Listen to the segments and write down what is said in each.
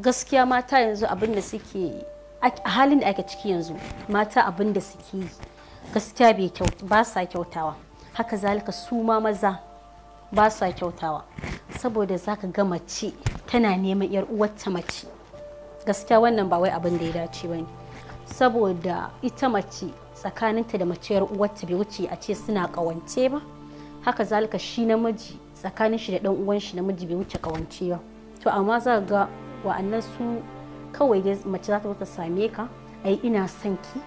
gaskiya mata yanzu abin da suke a halin da ake ciki yanzu mata abin da suke yi gaskiya ba sa kyautawa haka zalika su ma maza ba sa kyautawa saboda za ka ga mace tana neman yar uwarta mace gaskiya wannan ba wai abin da ya dace ba ne saboda ita mace tsakaninta da mace yar uwarta bai wuce a ce suna kawance ba haka zalika shi namiji tsakanin shi da dan uwan shi namiji bai wuce kawance ba to amma za ga wa'annan su kawai dai mace za ta ta same ka ai ina son ki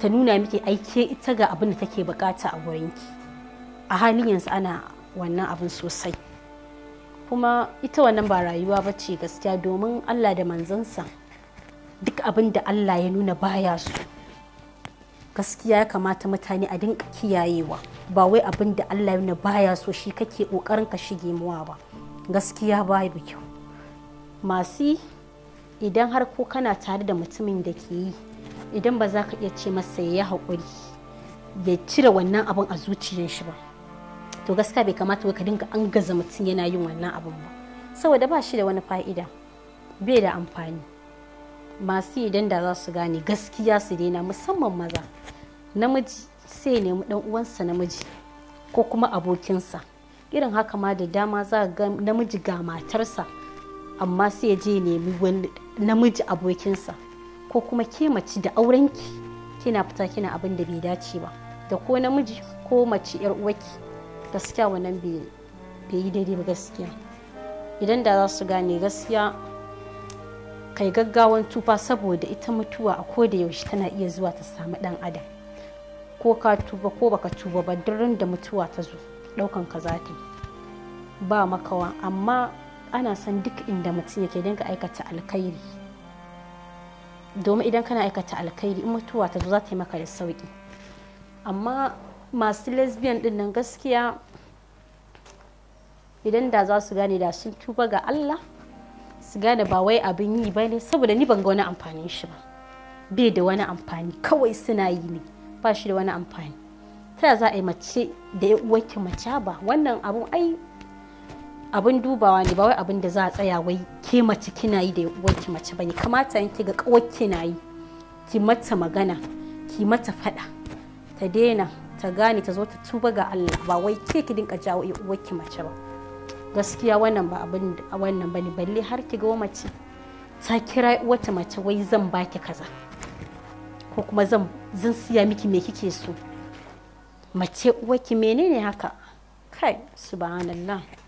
ta nuna miki aike ita ga abin da take bukata a ki a halin yanzu ana wannan abin sosai kuma ita wannan ba rayuwa ba ce gaskiya domin allah da manzansa duk abin da allah ya nuna baya su gaskiya ya kamata mutane a dinka kiyayewa ba wai abin da allah ya nuna baya so shi kake kokarin ka shige muwa ba gaskiya ba kyau masu idan har ko kana tare da mutumin da ke yi idan ba za ka iya ce masa ya haƙuri ya cire wannan abin a zuciyar shi ba to gaskiya bai kamata ka dinga an gaza mutum yana yin wannan abin ba saboda ba shi da wani fa'ida bai da amfani masu idan da za su gane gaskiya su daina musamman maza namiji sai nemi dan uwansa namiji ko kuma abokinsa irin haka ma da dama za ga namiji ga matarsa amma sai ya je nemi wani namiji abokinsa ko kuma ke mace da aurenki kina fita kina abin da bai dace ba da ko namiji ko mace yar uwaki gaskiya wannan bai yi daidai ba gaskiya idan da za su gane gaskiya kai gaggawan tufa saboda ita mutuwa a koda yaushe tana iya zuwa ta samu dan adam ko ka tuba ko baka tuba ba duk da mutuwa ta zo daukan ka za ta ba makawa amma ana san duk inda mutum yake dinga aikata alkhairi domin idan kana aikata alkhairi in mutuwa ta zo za ta yi maka da sauki amma masu lesbian din nan gaskiya idan da za su gane da sun tuba ga Allah su gane ba wai abin yi ba ne saboda ni ban ga wani amfanin shi ba bai da wani amfani kawai suna yi ne ba shi da wani amfani ta za a yi mace da ya uwarki mace ba wannan abun ai abin dubawa ne ba wai abin da za a tsaya wai ke mace kina yi da ki mace bane kamata in ki ga kawai kina yi ki mata magana ki mata fada ta daina ta gane ta zo ta tuba ga Allah ba wai ke ki dinka jawo ki mace ba gaskiya wannan ba abin wannan bane balle har ki ga mace ta kira wata mace wai zan baki kaza ko kuma zan zan siya miki me kike so mace ki menene haka kai subhanallah